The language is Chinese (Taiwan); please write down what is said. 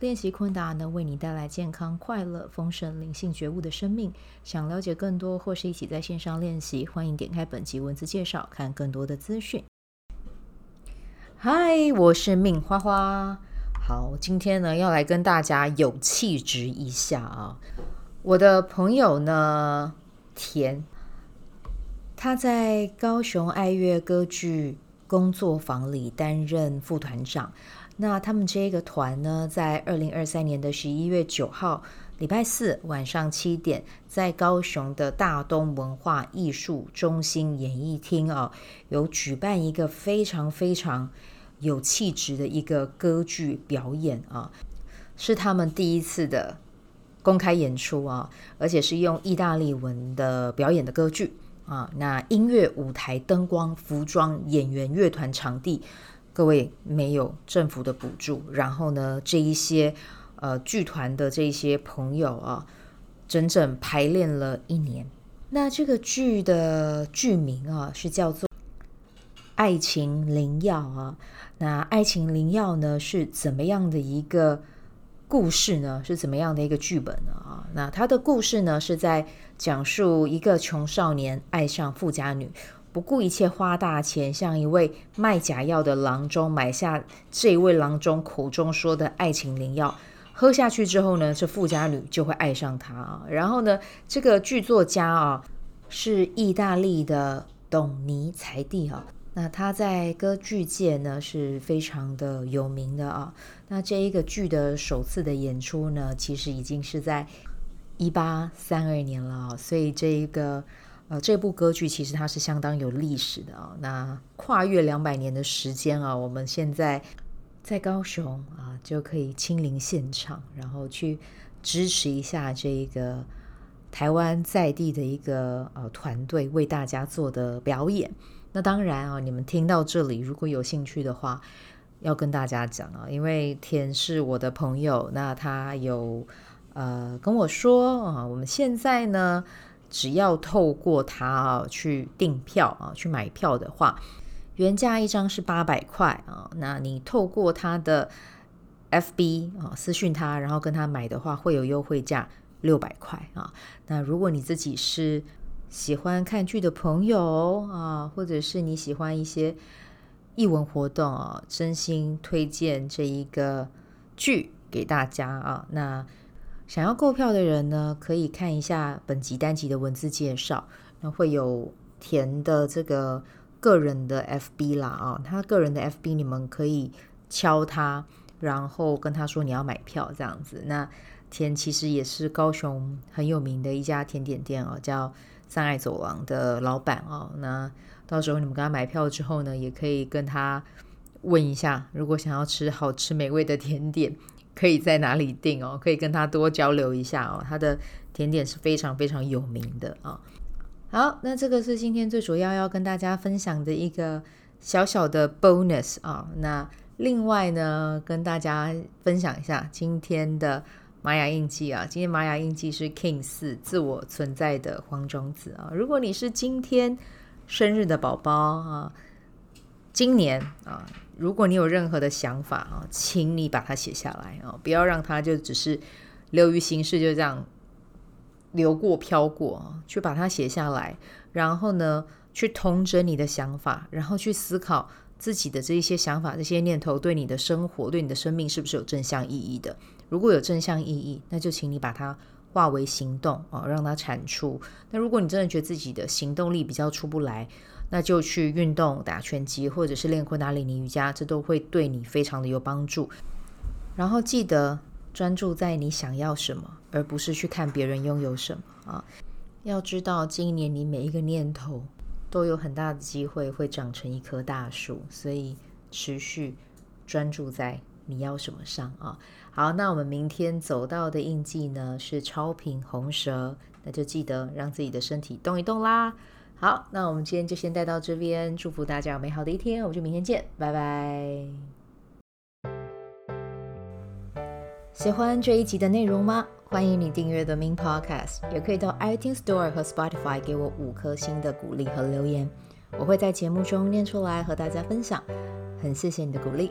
練習昆達能為你帶來健康、快樂、豐盛、靈性覺悟的生命。想了解更多，或是一起在線上練習，歡迎點開本集文字介紹，看更多的資訊。嗨，我是 Min 花花。好，今天呢，要來跟大家有氣質一下啊。我的朋友呢，田，他在高雄愛樂歌劇。工作坊裡擔任副團長，那他們這個團呢，在二零二三年的十一月九號，禮拜四晚上七點，在高雄的大東文化藝術中心演藝廳啊，有舉辦一個非常非常有氣質的一個歌劇表演啊，是他們第一次的公開演出啊，而且是用意大利文的表演的歌劇。啊，那音樂、舞台、燈光、服裝、演員、樂團、場地，各位沒有政府的補助，然後呢，這一些呃劇團的這一些朋友啊，整整排練了一年。那這個劇的劇名啊是叫做《愛情靈藥》啊。那《愛情靈藥》呢是怎麼樣的一個？故事呢是怎麼樣的一個劇本呢？啊，那他的故事呢是在講述一個窮少年愛上富家女，不顧一切花大錢，向一位賣假藥的郎中買下這一位郎中口中說的愛情靈藥，喝下去之後呢，這富家女就會愛上他。然後呢，這個劇作家啊、哦、是意大利的董尼才蒂啊。那他在歌劇界呢是非常的有名的啊、哦。那這一個劇的首次的演出呢，其實已經是在一八三二年了，哦，所以這一個呃這部歌劇其實它是相當有歷史的啊、哦。那跨越兩百年的時間啊，我們現在在高雄啊就可以親臨現場，然後去支持一下這一個台灣在地的一個呃團隊為大家做的表演。那當然啊、哦，你們聽到這裡，如果有興趣的話，要跟大家講啊、哦，因為田是我的朋友，那他有呃跟我說啊、哦，我們現在呢，只要透過他啊、哦、去訂票啊、哦、去買票的話，原價一張是八百塊啊、哦，那你透過他的 FB 啊、哦、私訊他，然後跟他買的話，會有優惠價六百塊啊、哦。那如果你自己是喜歡看劇的朋友啊，或者是你喜歡一些藝文活動啊，真心推薦這一個劇給大家啊。那想要購票的人呢，可以看一下本集單集的文字介紹，那會有田的這個個人的 FB 啦啊，他個人的 FB 你們可以敲他，然後跟他說你要買票這樣子。那田其實也是高雄很有名的一家甜點店哦、啊，叫。障礙走廊的老闆哦，那到時候你們跟他買票之後呢，也可以跟他問一下，如果想要吃好吃美味的甜點，可以在哪裡訂哦？可以跟他多交流一下哦，他的甜點是非常非常有名的啊、哦。好，那這個是今天最主要要跟大家分享的一個小小的 bonus 啊、哦。那另外呢，跟大家分享一下今天的。瑪雅印記啊，今天瑪雅印記是 King 4自我存在的黃種子啊。如果你是今天生日的寶寶啊，今年啊，如果你有任何的想法啊，請你把它寫下來啊，不要讓它就只是流於形式，就這樣流過飄過啊，去把它寫下來，然後呢，去統整你的想法，然後去思考自己的這一些想法、這些念頭對你的生活、對你的生命是不是有正向意義的。如果有正向意義，那就請你把它化為行動啊、哦，讓它產出。那如果你真的覺得自己的行動力比較出不來，那就去運動、打拳擊或者是練昆達里尼瑜伽，這都會對你非常的有幫助。然後記得專注在你想要什麼，而不是去看別人擁有什麼啊、哦。要知道，今年你每一個念頭都有很大的機會會長成一棵大樹，所以持續專注在。你要什麼傷啊？好，那我們明天走到的印記呢是超頻紅蛇。那就記得讓自己的身體動一動啦。好，那我們今天就先帶到這邊，祝福大家有美好的一天，我們就明天見，拜拜。喜歡這一集的內容嗎？歡迎你訂閱 The Min Podcast，也可以到 iTunes Store 和 Spotify 給我五顆星的鼓勵和留言，我會在節目中念出來和大家分享，很謝謝你的鼓勵。